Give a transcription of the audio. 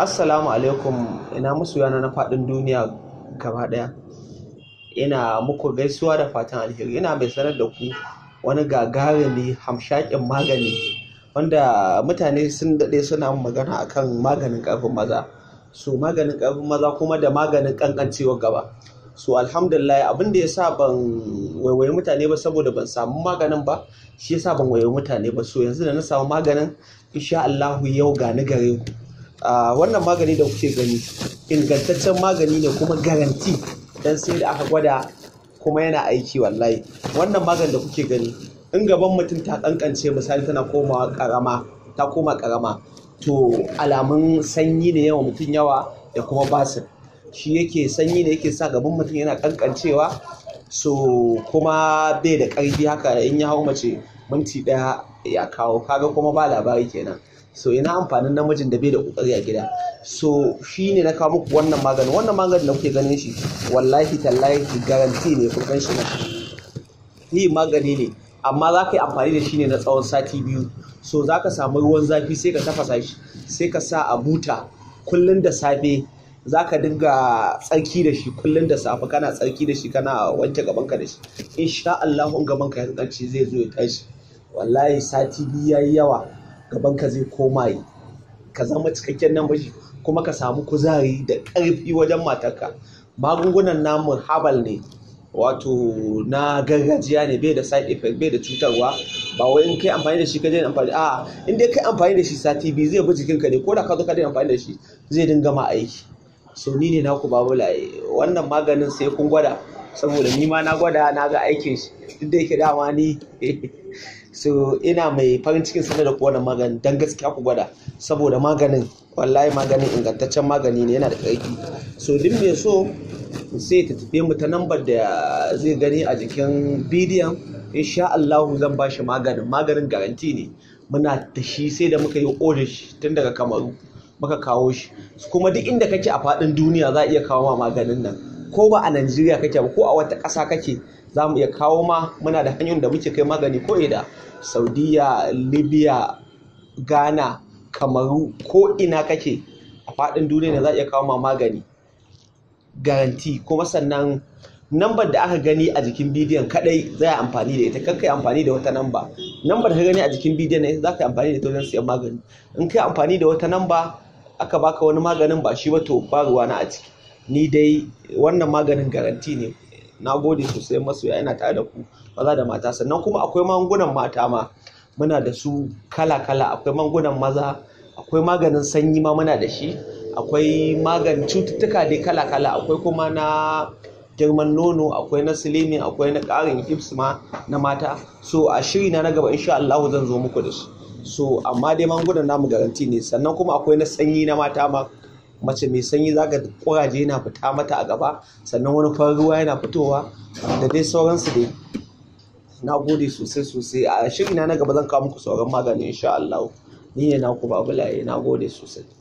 assalamu alaikum ina musu yana na faɗin duniya gaba ɗaya ina muku gaisuwa da fatan alheri ina mai sanar da ku wani gagarumi hamshakin magani wanda mutane sun daɗe suna magana akan maganin ƙarfin maza su maganin ƙarfin maza kuma da maganin ƙanƙancewar gaba Su alhamdulillah abin da ya sa ban waiwayi mutane ba saboda ban samu maganin ba shi ya sa ban waiwayi mutane ba so yanzu da na samu maganin insha Allahu yau gani gare ku a wannan magani da kuke gani ingantaccen magani ne kuma garanti dan sai da aka gwada kuma yana aiki wallahi wannan magani da kuke gani in gaban mutum ta kankance misali tana komawa karama ta koma karama to alamun sanyi ne yawa mutum yawa da kuma basir shi yake sanyi ne yake sa gaban mutum yana kankancewa so kuma bai da karfi haka in ya hau mace minti ɗaya ya kawo kaga kuma ba labari kenan so ina amfanin namijin da bai da kokari a gida so shi ne na kawo muku wannan maganin wannan maganin da kuke ganin shi wallahi tallahi garanti ne kun shi na yi magani ne amma za ka yi amfani da shi ne na tsawon sati biyu so za ka samu ruwan zafi sai ka tafasa shi sai ka sa a buta kullum da safe za ka dinga tsarki da shi kullum da safe kana tsarki da shi kana wanke gabanka da shi insha Allah in gabanka ya tsarki zai zo ya tashi wallahi sati biyu yayi yawa gaban ka zai koma yi ka zama cikakken namiji kuma ka samu kuzari da ƙarfi wajen matarka magungunan namun habal ne wato na gargajiya ne bai da side effect bai da cutarwa ba wai in kai amfani da shi ka je amfani a in dai kai amfani da shi sati biyu zai bi jikinka ne ko da ka zo ka amfani da shi zai dinga ma aiki so ni ne naku babu laye wannan maganin sai kun gwada saboda ni ma na gwada na ga aikin shi duk da yake dama ni so ina mai farin cikin sanar da kowane magani don gaskiya ku gwada saboda maganin wallahi maganin ingantaccen magani ne yana da ƙarfi so duk mai so sai ta tafi mu ta lambar da zai gani a jikin bidiyon insha Allahu zan ba shi maganin maganin garanti ne muna da shi sai da muka yi order shi tun daga kamaru muka kawo shi kuma duk inda kake a faɗin duniya za a iya kawo ma maganin nan ko ba a Najeriya kake ba ko a wata ƙasa kake za mu iya kawo ma muna da hanyoyin da muke kai magani ko da Saudiya, Libya, Ghana, Kamaru ko ina kake a faɗin duniya ne za a iya kawo ma magani garanti kuma sannan nambar da aka gani a jikin bidiyon kadai za a amfani da ita kan kai amfani da wata namba nambar da ka gani a jikin bidiyon ne za ka amfani da ita wajen siyan magani in kai amfani da wata namba aka baka wani maganin ba shi ba to ba ruwa na a ciki ni dai wannan maganin garanti ne na gode sosai masoya ina tare da ku maza da mata sannan kuma akwai magungunan mata ma muna da su kala kala akwai magungunan maza akwai maganin sanyi ma muna da shi akwai maganin cututtuka dai kala kala akwai kuma na girman nono akwai na silimi akwai na ƙarin hips ma na mata so a shiri na na gaba insha Allah zan zo muku da su so amma dai magungunan namu garanti ne sannan kuma akwai na sanyi na mata ma mace mai sanyi zaka kuraje yana fita mata a gaba sannan wani farin ruwa yana fitowa da dai sauransu dai na gode sosai sosai a shirina na gaba zan kawo muku sauran magani insha Allah ni ne na ku babu laye na gode sosai